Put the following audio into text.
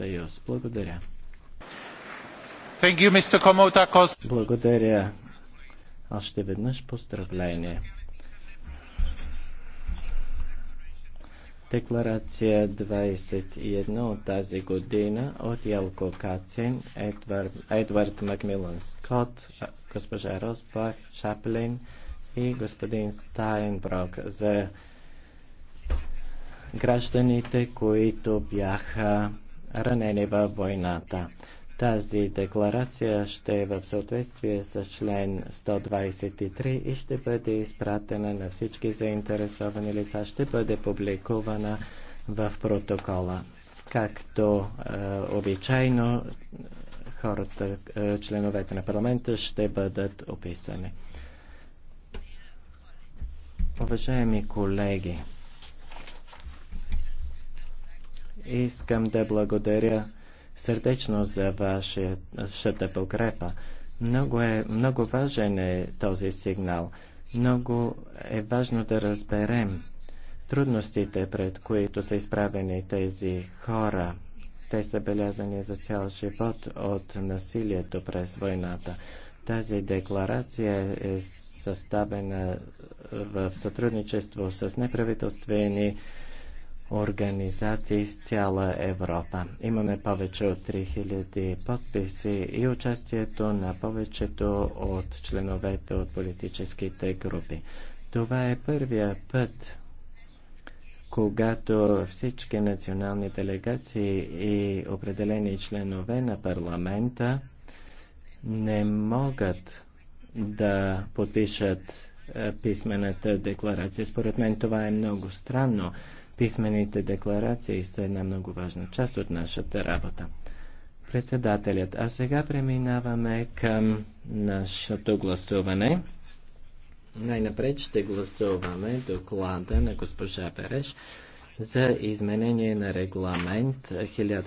съюз. Благодаря. You, Благодаря. Още веднъж поздравление. Декларация 21 от тази година от Ялко Кацин, Едвард, Едвард Макмилан Скот, госпожа Росбах, Чаплин и господин Стайнброк за гражданите, които бяха ранени във войната. Тази декларация ще е в съответствие с член 123 и ще бъде изпратена на всички заинтересовани лица, ще бъде публикувана в протокола. Както е, обичайно, хората, е, членовете на парламента ще бъдат описани. Уважаеми колеги, Искам да благодаря сърдечно за вашата подкрепа. Много, е, много важен е този сигнал. Много е важно да разберем трудностите, пред които са изправени тези хора. Те са белязани за цял живот от насилието през войната. Тази декларация е съставена в сътрудничество с неправителствени организации из цяла Европа. Имаме повече от 3000 подписи и участието на повечето от членовете от политическите групи. Това е първия път, когато всички национални делегации и определени членове на парламента не могат да подпишат е, писмената декларация. Според мен това е много странно. Писмените декларации са една много важна част от нашата работа. Председателят, а сега преминаваме към нашето гласуване. Най-напред ще гласуваме доклада на госпожа Береш за изменение на регламент